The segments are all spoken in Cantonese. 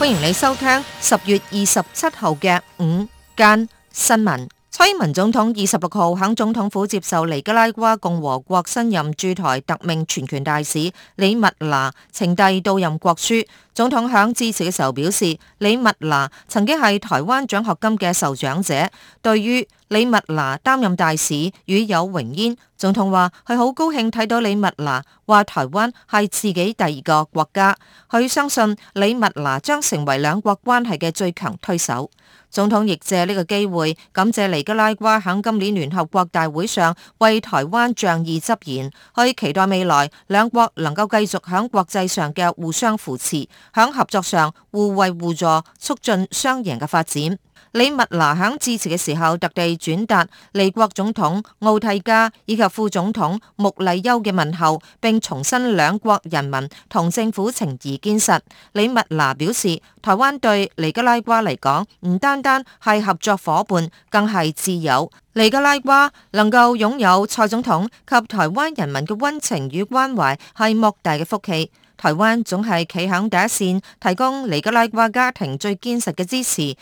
歡迎你收聽十月二十七號嘅午間新聞。蔡英文總統二十六號喺總統府接受尼加拉瓜共和國新任駐台特命全權大使李蜜娜呈遞到任國書。總統喺致辭嘅時候表示，李蜜娜曾經係台灣獎學金嘅受獎者。對於李蜜娜擔任大使與有榮焉。總統話佢好高興睇到李蜜娜話台灣係自己第二個國家。佢相信李蜜娜將成為兩國關係嘅最強推手。總統亦借呢個機會感謝尼加拉瓜喺今年聯合國大會上為台灣仗義執言。佢期待未來兩國能夠繼續喺國際上嘅互相扶持。喺合作上互惠互助，促進雙贏嘅發展。李蜜娜喺致辭嘅時候，特地轉達利國總統奧蒂加以及副總統穆麗丘嘅問候，並重申兩國人民同政府情誼堅實。李蜜娜表示。台灣對尼加拉瓜嚟講，唔單單係合作夥伴，更係摯友。尼加拉瓜能夠擁有蔡總統及台灣人民嘅溫情與關懷，係莫大嘅福氣。台灣總係企響第一線，提供尼加拉瓜家庭最堅實嘅支持及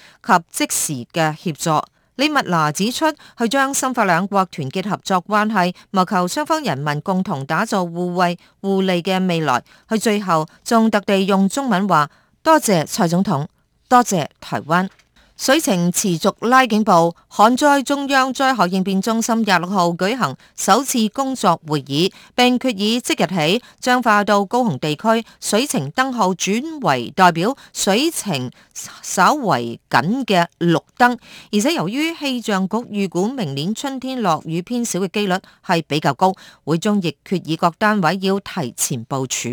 即時嘅協助。李蜜娜指出，佢將深化兩國團結合作關係，謀求雙方人民共同打造互惠互利嘅未來。佢最後仲特地用中文話。多謝蔡總統，多謝台灣。水情持續拉警報，旱災中央災害應變中心廿六號舉行首次工作會議，並決議即日起彰化到高雄地區水情燈號轉為代表水情稍為緊嘅綠燈，而且由於氣象局預估明年春天落雨偏少嘅幾率係比較高，會中亦決議各單位要提前部署。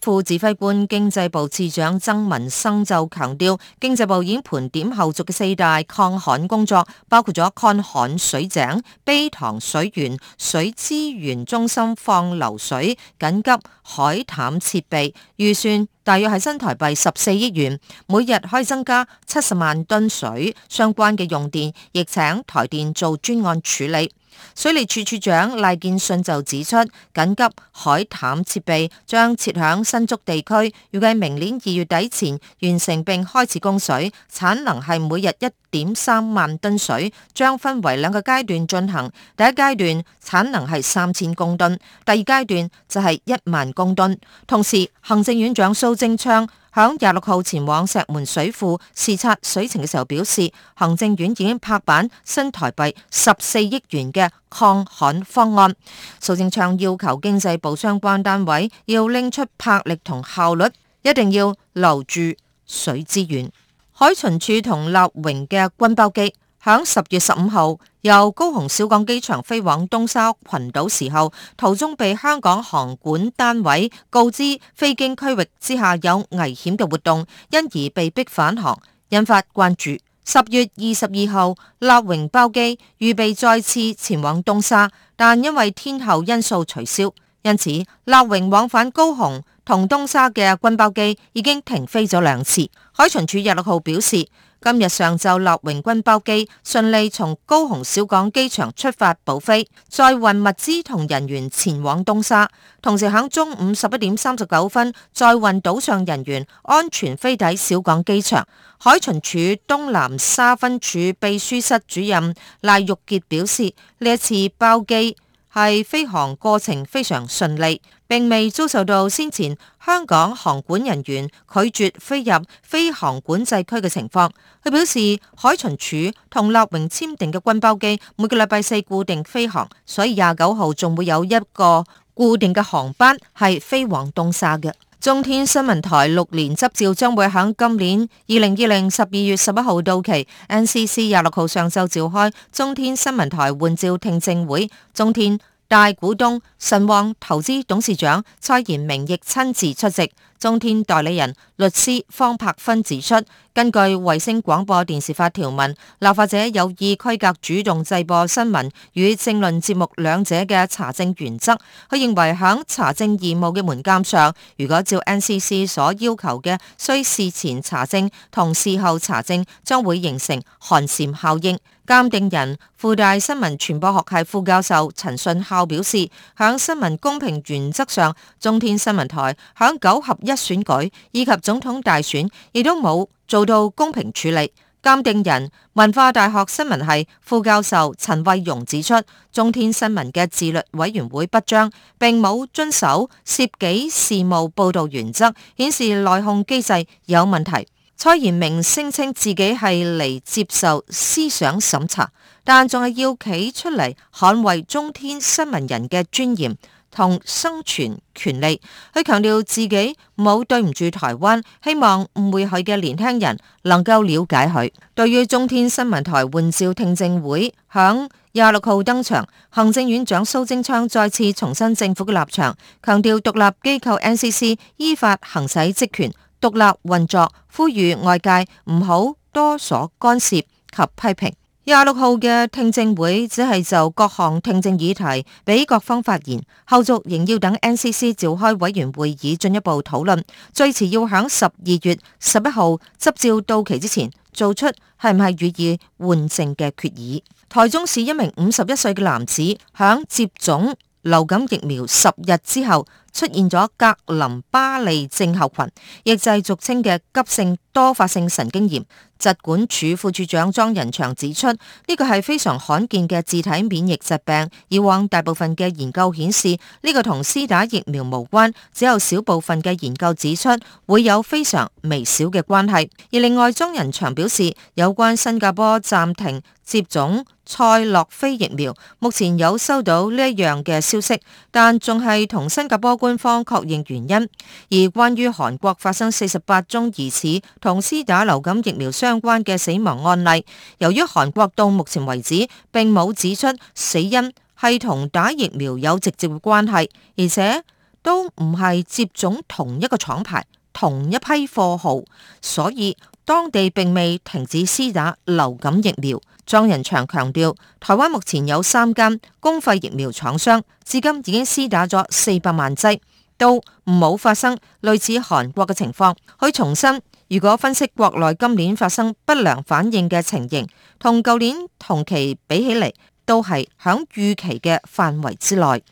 副指揮官經濟部次長曾文生就強調，經濟部已經盤點後續嘅四大抗旱工作，包括咗抗旱水井、陂塘水源、水資源中心放流水、緊急海淡設備，預算大約係新台幣十四億元，每日可以增加七十萬噸水，相關嘅用電亦請台電做專案處理。水利署署長賴建信就指出，緊急海淡設備將設響新竹地區，預計明年二月底前完成並開始供水，產能係每日一點三萬噸水，將分為兩個階段進行，第一階段產能係三千公噸，第二階段就係一萬公噸。同時，行政院長蘇貞昌，喺廿六號前往石門水庫視察水情嘅時候，表示行政院已經拍板新台幣十四億元嘅抗旱方案。蘇貞昌要求經濟部相關單位要拎出魄力同效率，一定要留住水資源。海巡署同立榮嘅軍包機。喺十月十五號由高雄小港機場飛往東沙群島時候，途中被香港航管單位告知飛經區域之下有危險嘅活動，因而被迫返航，引發關注。十月二十二號，立榮包機預備再次前往東沙，但因為天候因素取消，因此立榮往返高雄同東沙嘅軍包機已經停飛咗兩次。海巡署廿六號表示。今日上晝，駱榮軍包機順利從高雄小港機場出發補飛，載運物資同人員前往東沙，同時喺中午十一點三十九分載運島上人員安全飛抵小港機場。海巡署東南沙分署秘書室主任賴玉杰表示，呢次包機。係飛航過程非常順利，並未遭受到先前香港航管人員拒絕飛入飛航管制區嘅情況。佢表示，海巡署同立榮簽訂嘅軍包機每個禮拜四固定飛航，所以廿九號仲會有一個固定嘅航班係飛往東沙嘅。中天新聞台六年執照將會喺今年二零二零十二月十一號到期，NCC 廿六號上晝召開中天新聞台換照聽證會。中天。大股東神旺投資董事長蔡衍明亦親自出席。中天代理人律師方柏芬指出，根據衛星廣播電視法條文，立法者有意規格主動製播新聞與政論節目兩者嘅查證原則。佢認為響查證義務嘅門檻上，如果照 NCC 所要求嘅，需事前查證同事後查證，將會形成寒蟬效應。鑑定人、輔大新聞傳播學系副教授陳順孝表示，響新聞公平原則上，中天新聞台響九合一選舉以及總統大選亦都冇做到公平處理。鑑定人、文化大學新聞系副教授陳惠容指出，中天新聞嘅自律委員會不彰，並冇遵守涉己事務報道原則，顯示內控機制有問題。蔡衍明聲稱自己係嚟接受思想審查，但仲係要企出嚟捍衛中天新聞人嘅尊嚴同生存權利。佢強調自己冇對唔住台灣，希望誤會佢嘅年輕人能夠了解佢。對於中天新聞台換照聽證會響廿六號登場，行政院長蘇貞昌再次重申政府嘅立場，強調獨立機構 NCC 依法行使職權。獨立運作，呼籲外界唔好多所干涉及批評。廿六號嘅聽證會只係就各項聽證議題俾各方發言，後續仍要等 NCC 召開委員會議進一步討論，最遲要喺十二月十一號執照到期之前做出係唔係予以換證嘅決議。台中市一名五十一歲嘅男子響接種流感疫苗十日之後。出現咗格林巴利症候群，亦即係俗稱嘅急性多發性神經炎。疾管署副處長莊仁祥指出，呢個係非常罕見嘅自體免疫疾病。以往大部分嘅研究顯示，呢、呢個同施打疫苗無關，只有少部分嘅研究指出會有非常微小嘅關係。而另外，莊仁祥表示，有關新加坡暫停接種賽諾菲疫苗，目前有收到呢一樣嘅消息，但仲係同新加坡官方確認原因，而關於韓國發生四十八宗疑似同施打流感疫苗相關嘅死亡案例，由於韓國到目前為止並冇指出死因係同打疫苗有直接嘅關係，而且都唔係接種同一個廠牌、同一批貨號，所以當地並未停止施打流感疫苗。莊仁祥強調，台灣目前有三間公費疫苗廠商，至今已經施打咗四百萬劑，都冇發生類似韓國嘅情況。佢重申，如果分析國內今年發生不良反應嘅情形，同舊年同期比起嚟，都係喺預期嘅範圍之內。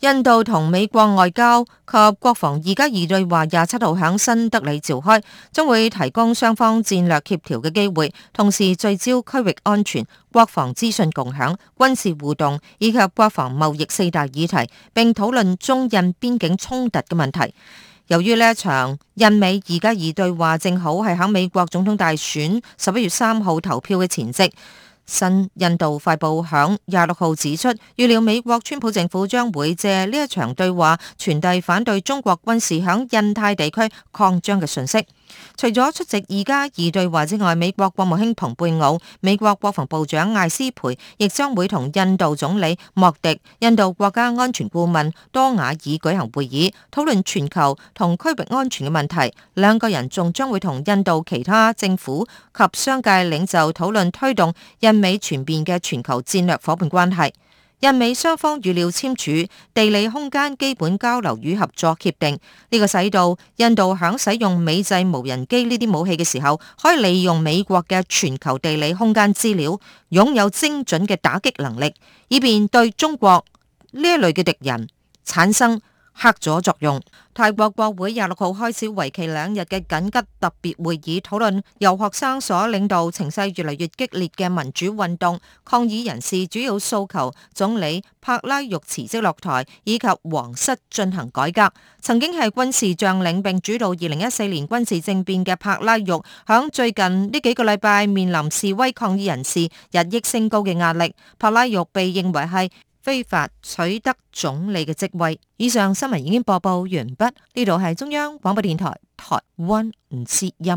印度同美國外交及國防二加二對話廿七號喺新德里召開，將會提供雙方戰略協調嘅機會，同時聚焦區域安全、國防資訊共享、軍事互動以及國防貿易四大議題，並討論中印邊境衝突嘅問題。由於呢一場印美二加二對話正好係喺美國總統大選十一月三號投票嘅前夕。新印度快報響廿六號指出，預料美國川普政府將會借呢一場對話，傳遞反對中國軍事響印太地區擴張嘅信息。除咗出席二加二對話之外，美國國務卿蓬佩奧、美國國防部長艾斯培亦將會同印度總理莫迪、印度國家安全顧問多瓦爾舉行會議，討論全球同區域安全嘅問題。兩個人仲將會同印度其他政府及商界領袖討論推動印美全面嘅全球戰略夥伴關係。印美雙方預料簽署地理空間基本交流與合作協定，呢、這個使到印度響使用美製無人機呢啲武器嘅時候，可以利用美國嘅全球地理空間資料，擁有精準嘅打擊能力，以便對中國呢一類嘅敵人產生。黑咗作用。泰國國會廿六號開始為期兩日嘅緊急特別會議，討論由學生所領導、情勢越嚟越激烈嘅民主運動。抗議人士主要訴求：總理帕拉育辭職落台，以及皇室進行改革。曾經係軍事將領並主導二零一四年軍事政變嘅帕拉育，響最近呢幾個禮拜面臨示威抗議人士日益升高嘅壓力。帕拉育被認為係。非法取得總理嘅職位。以上新聞已經播報完畢。呢度係中央廣播電台台灣之音。